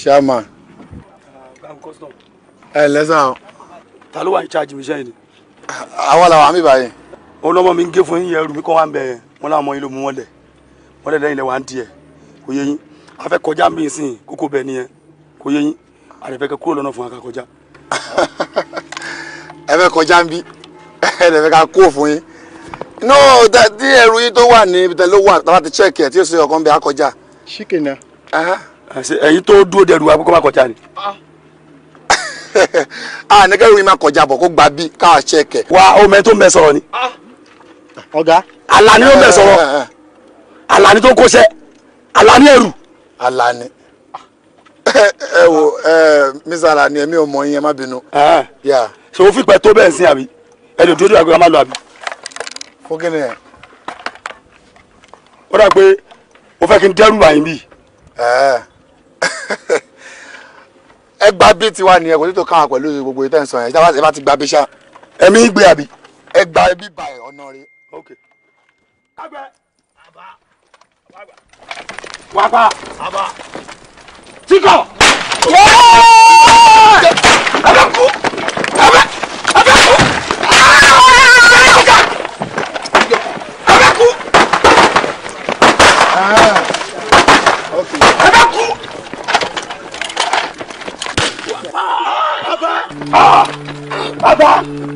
chairman. ẹ eh, lẹ́sàn ta ló wà ní charge mi sẹ́yìn ni. àwa làwọn àmì báyìí. lọ́mọ mi ń gé fún yín ẹrù mi kọ́ wá ń bẹ̀ wọ́n láwọn ọmọ yín ló mú lẹ̀ wọ́n lẹ̀ lẹ́yìn kò yín a kọjá mi sìn kókó ni nìyẹn kò yín kúrò lọ́nà fún ká kọjá. ẹ fẹ́ kọjá ń bí ẹ lè fẹ́ ká kó fún yín ẹrù yín tó wà ní ibi ló wà a ẹ̀yin tó dúró dẹrù wa kó má kọjá ni. a ní kẹ́rù mi máa kọjá bọ̀ kó gba bí ká ṣe kẹ̀. wa ọmọ tó ń bẹ ni. Ah. ọ̀gá. Àlàní ló ń bẹ sọ̀rọ̀ eh, eh, eh. tó kóṣẹ́ Àlàní ẹrù. Àlàní ẹ wo ẹ mísà Àlàní ẹmí ọmọ yín ẹ má bínú. ṣé ah, ah. o fipẹ́ tó bẹ́ẹ̀ sí àbí ẹ lè dúró dẹrù àgbẹ̀ má lọ àbí. fún kí ẹ. ó dà pé o fẹ́ kí n dẹ́rù àyìn bíi ẹ gba bí tiwa nìyẹn kò ní tó káwọn pẹ̀lú gbogbo ìtẹ́ ìsọ̀rọ̀ ẹ̀ ṣáà bá ti gba bí ṣá ẹ̀mí gbé àbí ẹ gba ẹbí ba ẹ̀ ọ̀nà rẹ̀. wàgbà tíkọ̀. abẹ́kú abẹ́kú abẹ́kú abẹ́kú. bàbá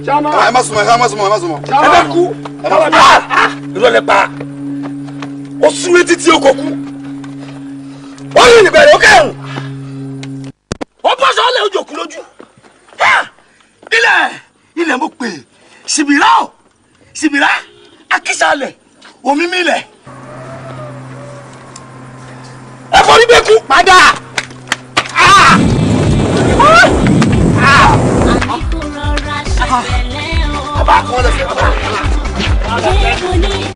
jama. ẹ má sùnmọ́ ẹ má sùnmọ́ ẹ má sùnmọ́. ẹ bẹ kú ẹ má sùnmọ́. irọ́ lẹ pa ó súnmọ́ títí o kò kú ó yí ìbẹ̀rẹ̀ ó kẹ́hùn ó bọ́ sọ ọ́lẹ̀ ojú òkú lójú ilẹ̀ ilẹ̀ mo pè sibira o sibira akisalẹ̀ omi mi lẹ̀ ẹ kọ́ ní bẹ́ẹ̀ kú. padà. Acabar a conta,